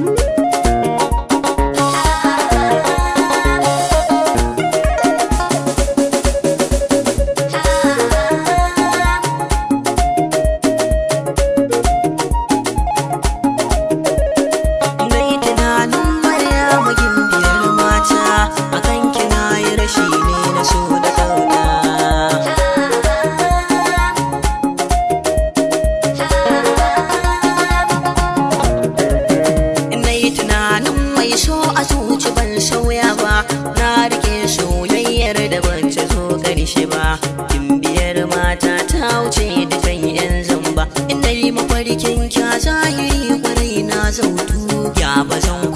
Thank you. wacce zo shi ba biyar mata ta wuce da dukan yan zamba in dai mafarkin kya zahiri kwarai na zautu ya ba zan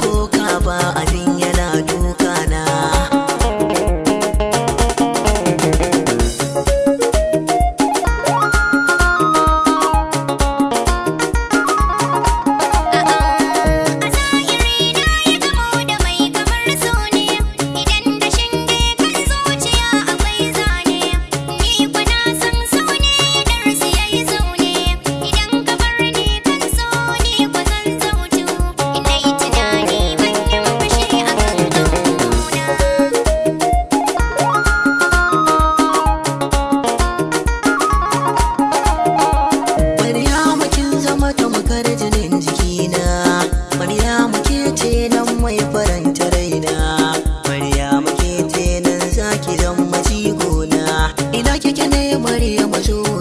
cikin ne mariya mazo